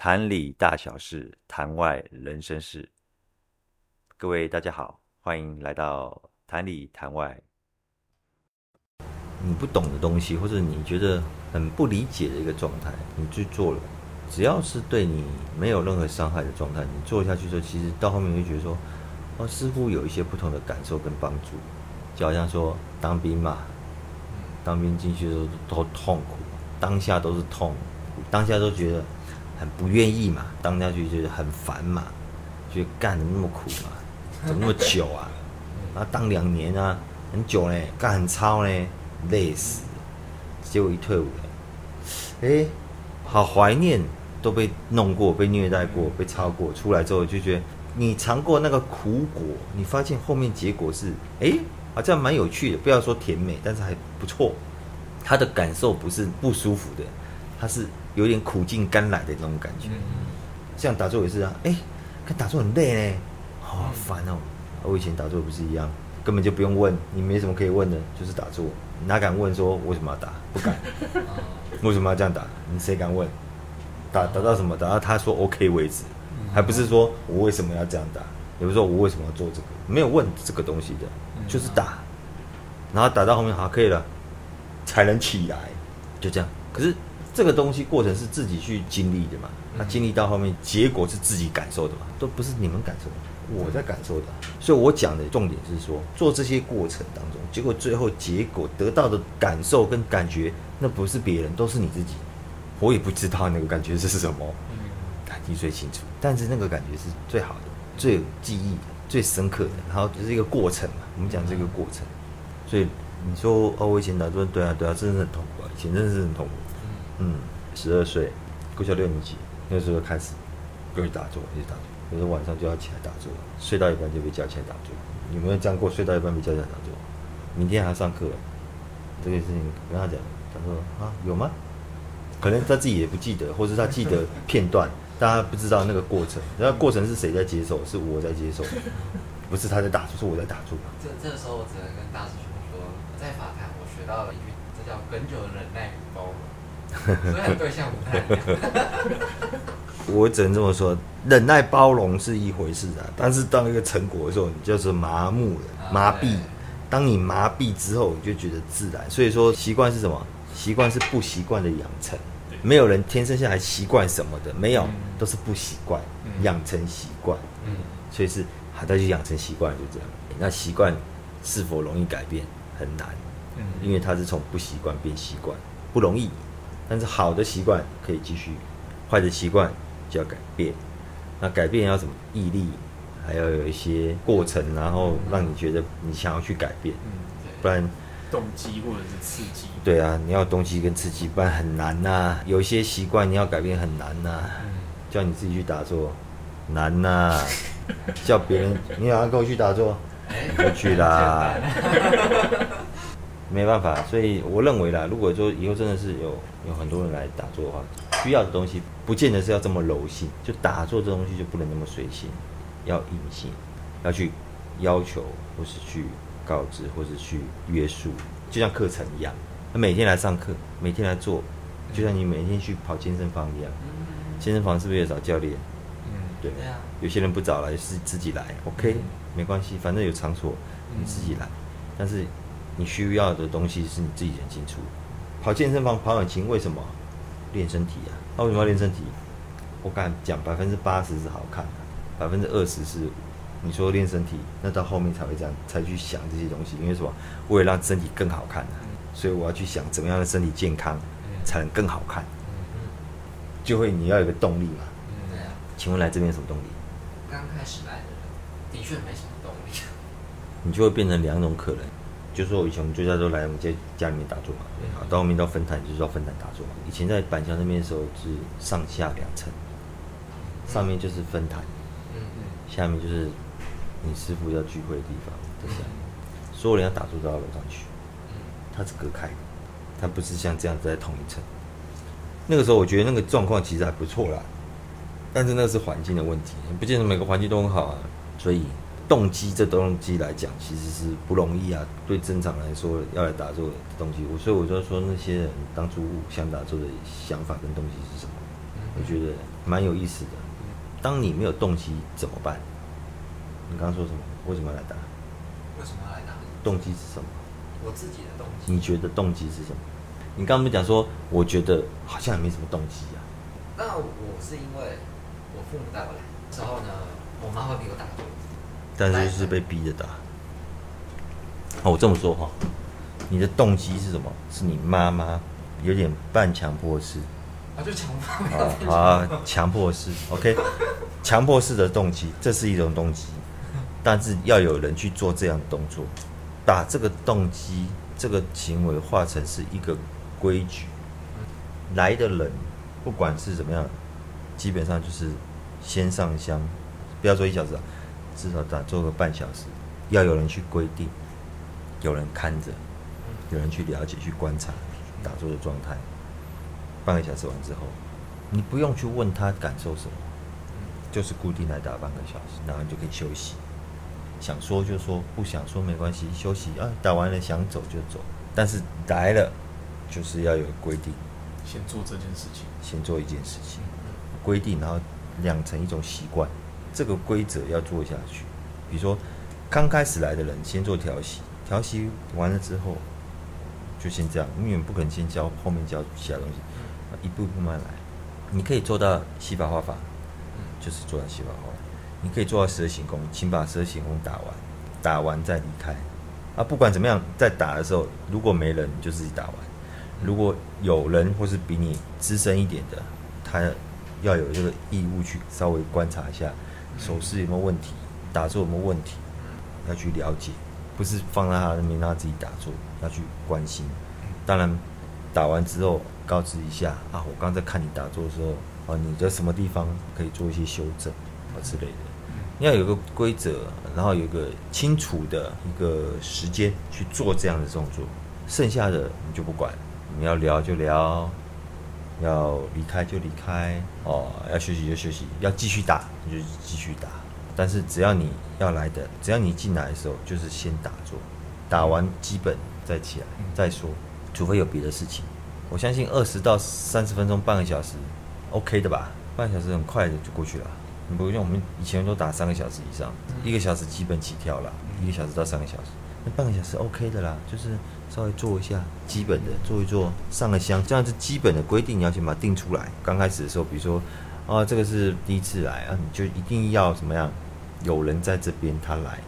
壇裡大小事，壇外人生事。各位大家好，歡迎來到壇裡談外。你不懂的東西，或者你覺得很不理解的一個狀態，你去做了，只要是對你沒有任何傷害的狀態，你做下去之後，其實到後面你會覺得說，哦，似乎有一些不同的感受跟幫助，就好像說當兵嘛，當兵進去的時候都痛苦，當下都是痛，當下都覺得。很不願意嘛，當下去就是很煩嘛，就幹的那麼苦嘛，怎麼那麼久啊，然後當兩年啊，很久呢，幹很操呢，累死。結果一退伍了，哎、欸，好懷念，都被弄過，被虐待過，被操過，出來之後就覺得，你嘗過那個苦果，你發現後面結果是，哎、欸，好像蠻有趣的，不要說甜美，但是還不錯，他的感受不是不舒服的，他是。有點苦盡甘來的那種感覺，這樣打坐也是啊，哎、欸，看打坐很累呢、欸，好煩哦、喔。我以前打坐不是一樣，根本就不用問，你沒什麼可以問的，就是打坐，你哪敢問說為什麼要打？不敢。 為什麼要這樣打？你誰敢問？打打到什麼？打到他說 OK 為止，還不是說我為什麼要這樣打？也不是說我為什麼要做這個？沒有問這個東西的，就是打，然後打到後面好可以了，才能起來，就這樣。可是。這個東西過程是自己去經歷的嘛，他經歷到後面，結果是自己感受的嘛，都不是你們感受，我在感受的。所以，我講的重點是說，做這些過程當中，結果最後結果得到的感受跟感覺，那不是別人，都是你自己。我也不知道那個感覺是什麼，你最清楚。但是那個感覺是最好的，最有記憶的、最深刻的。然後就是一個過程嘛，我們講這個過程。所以你說哦，我以前打坐，對啊對啊，真的是很痛苦啊，以前真的是很痛苦。嗯，十二歲，國小六年級，那時候開始，就去打坐，一直打坐。有時候晚上就要起來打坐，睡到一半就被叫起來打坐。有沒有講過睡到一半被叫起來打坐？明天還上課，這個事情跟他講，他說啊，有嗎？可能他自己也不記得，或是他記得片段，大家不知道那個過程，那個、過程是誰在接受？是我在接受，不是他在打坐，是我在打坐。這這個時候我只能跟大師兄說，在法壇我學到了一句，這叫恆久的忍耐與包容。對對象，我只能這麼說：忍耐包容是一回事啊，但是當一個成果的時候，你就是麻木了、麻痹。當你麻痹之後，你就覺得自然。所以說，習慣是什麼？習慣是不習慣的養成。沒有人天生下來習慣什麼的，沒有，嗯、都是不習慣養成習慣。嗯、所以是還在、啊、就養成習慣就這樣。那習慣是否容易改變？很難，因為它是從不習慣變習慣，不容易。但是好的習慣可以繼續，壞的習慣就要改變。那改變要什麼？毅力，還要有一些過程，然後讓你覺得你想要去改變。嗯，不然動機或者是刺激。對啊，你要動機跟刺激，不然很難吶、啊。有一些習慣你要改變很難吶、啊嗯。叫你自己去打坐，難吶、啊。 叫別人，你要跟我去打坐。 你不去啦。 沒辦法，所以我認為啦，如果說以後真的是有有很多人來打坐的話，需要的東西不見得是要這麼柔性，就打坐這東西就不能那麼隨性，要硬性，要去要求或是去告知或是去約束，就像課程一樣，他每天來上課，每天來做，就像你每天去跑健身房一樣，健、嗯、身房是不是要找教練、嗯？對，有些人不找了，是自己來，OK，、嗯、沒關係，反正有場所、嗯、你自己來，但是。你需要的東西是你自己很清楚。跑健身房、跑引擎，為什麼？練身體啊！那、啊、為什麼要練身體？我敢講，百分之八十是好看，百分之二十是你說練身體，那到後面才會這樣，才去想這些東西，因為什麼？為了讓身體更好看、啊嗯、所以我要去想怎麼樣的身體健康、嗯、才能更好看，嗯、就會你要有個動力嘛？嗯嗯、請問來這邊有什麼動力？剛開始來的人的確沒什麼動力，你就會變成兩種可能。就是說，以前我們最多都來我們家家裡面打坐嘛，啊、嗯，到後面到分壇就是到分壇打坐嘛。以前在板橋那邊的時候是上下兩層，上面就是分壇，嗯嗯、下面就是你師傅要聚會的地方，在下面、嗯、所有人要打坐都要樓上去，它是隔開的，它不是像這樣子在同一層。那個時候我覺得那個狀況其實還不錯啦，但是那個是環境的問題，不見得每個環境都很好啊，所以。動機這動機來講，其實是不容易啊。對，正常來說，要來打坐的動機，我所以我就說，那些人當初想打坐的想法跟動機是什麼？嗯、我覺得蠻有意思的。嗯、當你沒有動機怎麼辦、嗯？你剛剛說什麼？為什麼要來打？為什麼要來打？動機是什麼？我自己的動機。你覺得動機是什麼？你剛剛不講說，我覺得好像也沒什麼動機啊。那我是因為我父母帶我來之後呢，我媽會比我大。但是就是被逼着打、哦。我這麼說哈、哦，你的動機是什麼？是你媽媽有點半強迫式。啊，就強迫。強迫啊，啊，強迫式 ，OK，強迫式的動機，這是一種動機。但是要有人去做這樣的動作，把這個動機、這個行為化成是一個規矩。來的人，不管是怎麼樣，基本上就是先上香，不要說一小時、啊。至少打坐個半小時，要有人去規定，嗯、有人看着，有人去了解、去觀察打坐的狀態。半個小時完之後，你不用去問他感受什麼，就是固定來打半個小時，然後你就可以休息。想說就說，不想說沒關係，休息啊，打完了想走就走。但是來了就是要有規定，先做這件事情，先做一件事情，規定，然後養成一種習慣。這個規則要做下去，比如說剛開始來的人先做調息，調息完了之後就先這樣，永遠不可能先教後面教其他東西，一步一步慢來。你可以做到氣法化法，就是做到氣法化法。你可以做到蛇行功，請把蛇行功打完，打完再離開。啊，不管怎麼樣，在打的時候，如果沒人就自己打完；如果有人或是比你資深一點的，他要有這個義務去稍微觀察一下。手勢有沒有問題？打坐有沒有問題？要去了解，不是放在他那邊讓他自己打坐，要去關心。當然，打完之後告知一下啊，我剛才看你打坐的時候，啊，你在什麼地方可以做一些修正啊之類的。你、嗯、要有個規則，然後有一個清楚的一個時間去做這樣的動作，剩下的你就不管，你要聊就聊。要離開就離開哦，要休息就休息，要繼續打你就繼續打。但是只要你要來的，只要你進來的時候就是先打坐，打完基本再起來再說、嗯，除非有別的事情。我相信二十到三十分鐘，半個小時，OK 的吧？半個小時很快的就過去了，你不用我們以前都打三個小時以上、嗯，一個小時基本起跳了、嗯，一個小時到三個小時，那半個小時 OK 的啦，就是。稍微做一下基本的，做一做，上個香，這樣子基本的規定，你要先把它定出來。剛開始的時候，比如說，啊，這個是第一次來啊，你就一定要怎麼樣？有人在這邊，他來，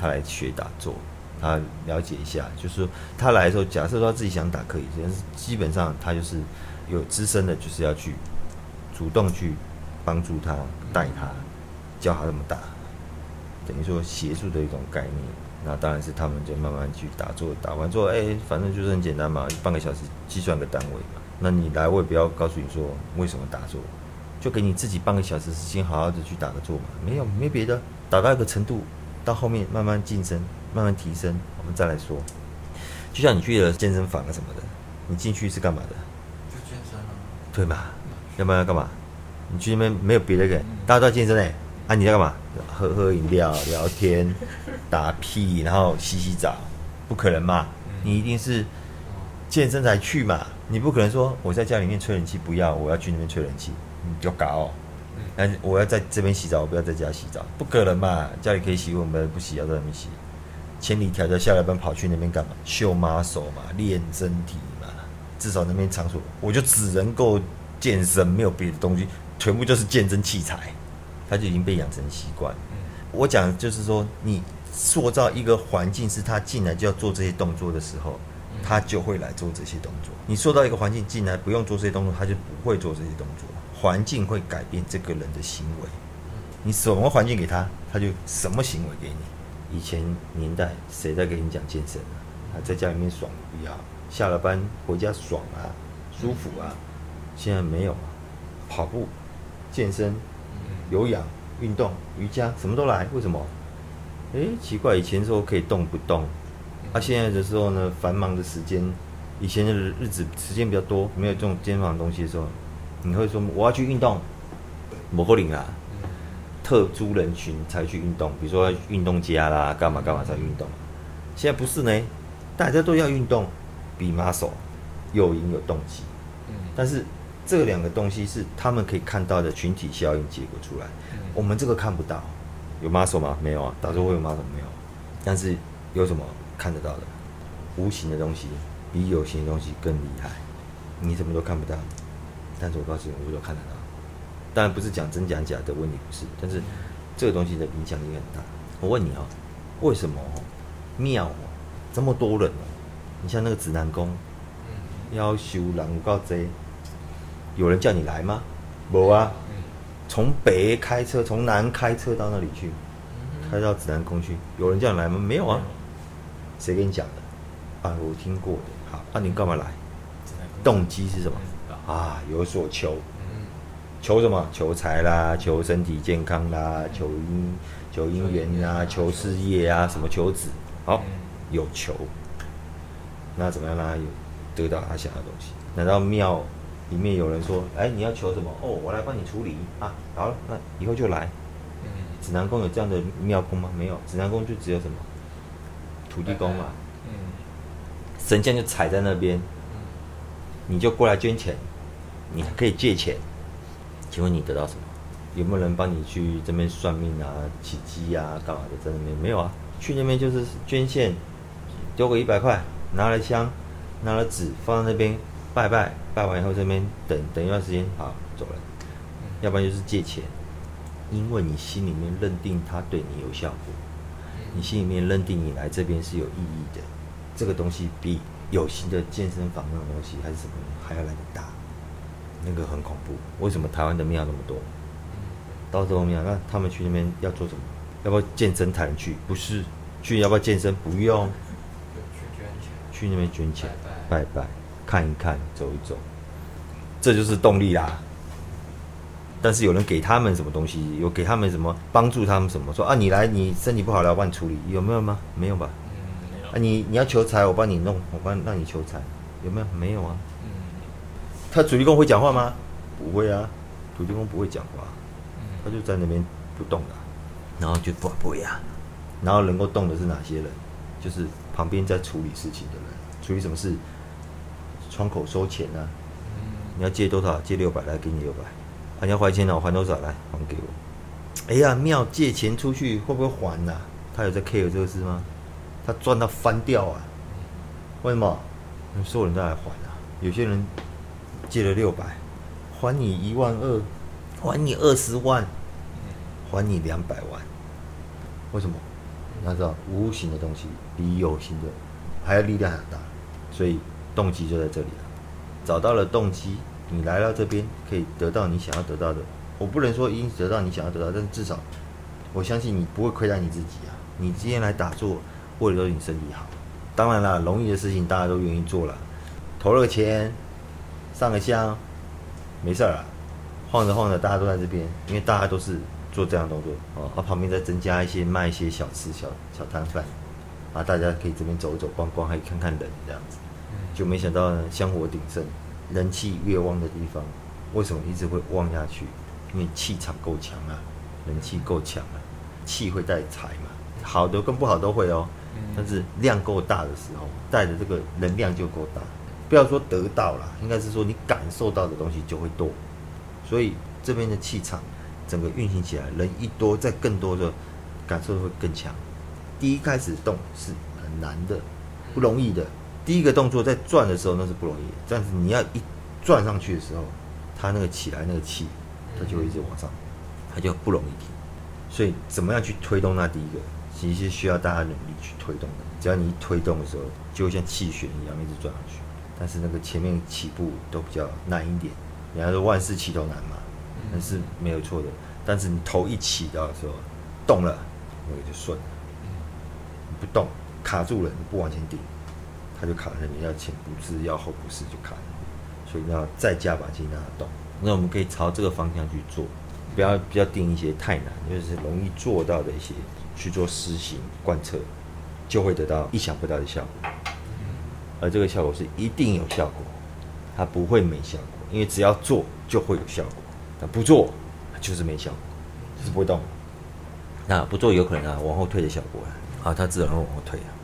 他來學打坐，他了解一下。就是說他來的時候，假設說他自己想打可以，但是基本上他就是有資深的，就是要去主動去幫助他，帶他，教他怎麼打，等於說協助的一種概念。那當然是他們就慢慢去打坐，打完坐，哎，反正就是很簡單嘛，半個小時計算個單位嘛。那你來，我也不要告訴你說為什麼打坐，就給你自己半個小時時間，好好的去打個坐嘛，沒有，沒別的，打到一個程度，到後面慢慢晉升，慢慢提升，我們再來說。就像你去了健身房啊什麼的，你進去是幹嘛的？就健身了啊。對嘛？要不然幹嘛？你去那邊沒有別的人，大家都在健身哎。啊，你在幹嘛？喝喝飲料、聊天、打屁，然後洗洗澡，不可能嘛？你一定是健身才去嘛？你不可能說我在家裡面吹冷氣不要，我要去那邊吹冷氣，你、嗯、就搞。但是我要在這邊洗澡，我不要在家洗澡，不可能嘛？家裡可以洗，我們不洗，要在那邊洗。千里迢迢下了班跑去那邊幹嘛？秀媽手嘛，練身體嘛。至少那邊場所，我就只能夠健身，沒有別的東西，全部就是健身器材。他就已經被養成習慣。我講就是說，你塑造一個環境，是他進來就要做這些動作的時候，他就會來做這些動作。你塑造一個環境進來不用做這些動作，他就不會做這些動作。環境會改變這個人的行為。你什麼環境給他，他就什麼行為給你。以前年代誰在跟你講健身啊？在家裡面爽不要，下了班回家爽啊，舒服啊。現在沒有啊，跑步，健身。有氧運動、瑜伽什麼都來，為什麼？哎、欸，奇怪，以前說可以動不動，啊，現在的時候呢，繁忙的時間，以前的日子時間比較多，沒有這種健身房東西的時候，你會說我要去運動，不可能啊。特殊人群才去運動，比如說運動家啦，幹嘛幹嘛才運動，現在不是呢，大家都要運動，比馬手有贏有動機、嗯，但是。這兩個東西是他們可以看到的群體效應，結果出來，嗯、我們這個看不到。有 muscle 嗎？沒有啊。打坐會有 muscle 沒有？但是有什麼看得到的？無形的東西比有形的東西更厲害。你什麼都看不到，但是我告訴你，我都看得到。當然不是講真講假、假的問題，不是。但是這個東西的影響力很大。我問你啊、哦，為什麼、哦？廟、啊、這麼多人、啊、你像那個指南宮，要、嗯、修人夠賊有人叫你來嗎？沒啊，從北開車，從南開車到那裡去，開到指南宮去。有人叫你來嗎？沒有啊，誰跟你講的？啊，我聽過的。好，那、啊、你幹嘛來？動機是什麼？啊，有所求。求什麼？求財啦，求身體健康啦，求姻，求姻緣啦，求事業啊，什麼求子。好，有求。那怎麼樣讓、啊、他有得到他想要的東西？難道廟？裡面有人說：“哎、欸，你要求什麼？哦，我來幫你處理啊。好了，那以後就來。指南宮有這樣的廟公嗎？沒有，指南宮就只有什麼土地公嘛拜拜。嗯，神像就踩在那邊，你就過來捐錢，你可以借錢。請問你得到什麼？有沒有人幫你去這邊算命啊、起乩啊、幹嘛的？在那邊沒有啊？去那邊就是捐獻，丟個一百塊，拿了香拿了紙，放在那邊拜拜。”拜完以後，這邊等等一段時間，好，走了。要不然就是借錢，因為你心裡面認定他對你有效果，你心裡面認定你來這邊是有意義的。這個東西比有形的健身房那種東西還是什麼還要來得大，那個很恐怖。為什麼台灣的廟那麼多？到時候那他們去那邊要做什麼？要不要健身？談去？不是，去要不要健身？不用。去捐錢。去那邊捐錢，拜拜。拜拜看一看，走一走，這就是動力啦。但是有人給他們什麼東西？有給他們什麼幫助？他們什麼說啊？你來，你身體不好，來我幫你處理，有沒有嗎？沒有吧？嗯、沒有。啊，你你要求財，我幫你弄，我幫讓你求財，有沒有？沒有啊。嗯、他土地公會講話嗎？不會啊，土地公不會講話、嗯，他就在那邊不動的、啊，然後就跋杯啊。然後能夠動的是哪些人？就是旁邊在處理事情的人，處理什麼事？窗口收錢呢？你要借多少？借六百來，給你六百。你要還錢呢？我還多少來？還給我。哎呀，廟，借錢出去會不會還呢？他有在 care 這個事嗎？他賺到翻掉啊！為什麼？所有人都來還啊！有些人借了六百，還你一萬二，還你二十萬，還你兩百萬。為什麼？你知道無形的東西比有形的還要力量很大，所以。動機就在這裡了。找到了動機，你來到這邊可以得到你想要得到的。我不能說一定得到你想要得到，但是至少我相信你不會虧待你自己啊！你今天來打坐，或者說你身體好，當然了，容易的事情大家都願意做了。投了個錢，上個香，沒事兒啊。晃着晃着，大家都在這邊，因為大家都是做這樣的動作哦、啊。旁邊再增加一些賣一些小吃、小小攤販啊，大家可以這邊走一走、逛逛，還可以看看人這樣子。就沒想到呢，香火鼎盛，人氣越旺的地方，為什麼一直會旺下去？因為氣場夠強啊，人氣夠強啊，氣會帶財嘛，好的跟不好都會哦。但是量夠大的時候，帶的這個能量就夠大。不要說得到啦，應該是說你感受到的東西就會多。所以這邊的氣場整個運行起來，人一多，再更多的感受會更強。第一開始動是很難的，不容易的。第一個動作在轉的時候，那是不容易，但是你要一轉上去的時候，它那個起來那個氣，它就會一直往上，它就不容易停。所以怎麼樣去推動那第一個，其實是需要大家努力去推動的。只要你一推動的時候，就會像氣旋一樣一直轉上去。但是那個前面起步都比較難一點，人家說萬事起頭難嘛，那是沒有錯的。但是你頭一起到的時候動了，我也就順了。不動卡住了，你不往前頂。他就卡在你要前不治，要後不治就卡了。所以要再加把勁，讓他動。那我們可以朝這個方向去做，不要不要定一些太難，就是容易做到的一些去做實行貫徹，就會得到意想不到的效果。而這個效果是一定有效果，他不會沒效果，因為只要做就會有效果。那不做就是沒效果，就是不會動。那不做有可能啊，往後退的效果啊，好，他自然會往後退啊。